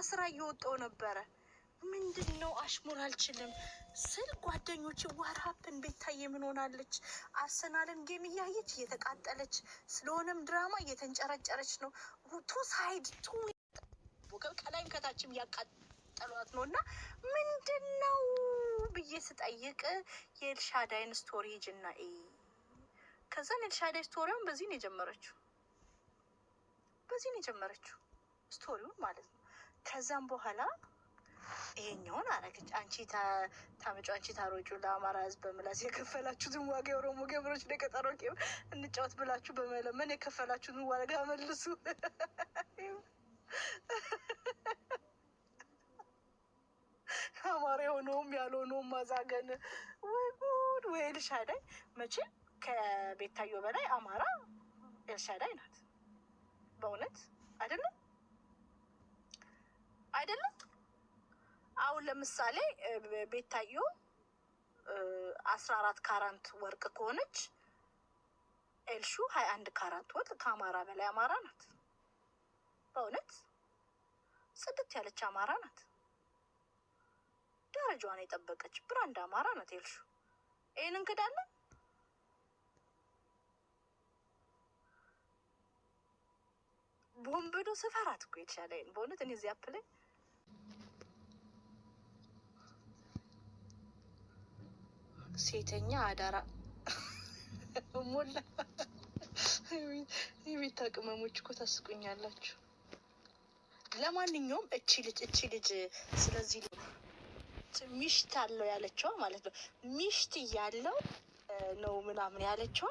ከስራ እየወጣው ነበረ። ምንድን ነው አሽሙር አልችልም ስል ጓደኞች ዋርሀብን ቤታየ ምን ሆናለች? አርሰናልን ጌም እያየች እየተቃጠለች ስለሆነም ድራማ እየተንጨረጨረች ነው። ቱ ሳይድ ቱ ከላይም ከታችም እያቃጠሏት ነው። እና ምንድን ነው ብዬ ስጠይቅ የኤልሻዳይን ስቶሪ ጅና ከዛን ኤልሻዳይ ስቶሪውን በዚህ ነው የጀመረችው። በዚህ ነው የጀመረችው ስቶሪውን ማለት ነው። ከዛም በኋላ ይሄኛውን አረገች። አንቺ ታመጩ፣ አንቺ ታሮጩ፣ ለአማራ ሕዝብ በምላስ የከፈላችሁትን ዋጋ የኦሮሞ ገብሮች ደቀጠሮ እንጫወት ብላችሁ በመለመን የከፈላችሁትን ዋጋ መልሱ። አማራ የሆነውም ያልሆነውም ማዛገን። ወይ ጉድ! ወይ ኤልሻዳይ መቼም ከቤታዮ በላይ አማራ ኤልሻዳይ ናት። በእውነት አይደለም አይደለም። አሁን ለምሳሌ ቤታዮ አስራ አራት ካራንት ወርቅ ከሆነች ኤልሹ ሀያ አንድ ካራንት ወርቅ ከአማራ በላይ አማራ ናት። በእውነት ጽድት ያለች አማራ ናት። ደረጃዋን የጠበቀች ብራንድ አማራ ናት ኤልሹ። ይህን እንክዳለን። ቦምብዶ ስፈራት እኮ የተሻለ በእውነት እኔ እዚህ አፕላይ ሴተኛ አዳራ ሞላ። የቤት አቅመሞች እኮ ታስቁኛላችሁ። ለማንኛውም እቺ ልጅ እቺ ልጅ ስለዚህ ሚሽት አለው ያለችዋ ማለት ነው። ሚሽት እያለው ነው ምናምን ያለችዋ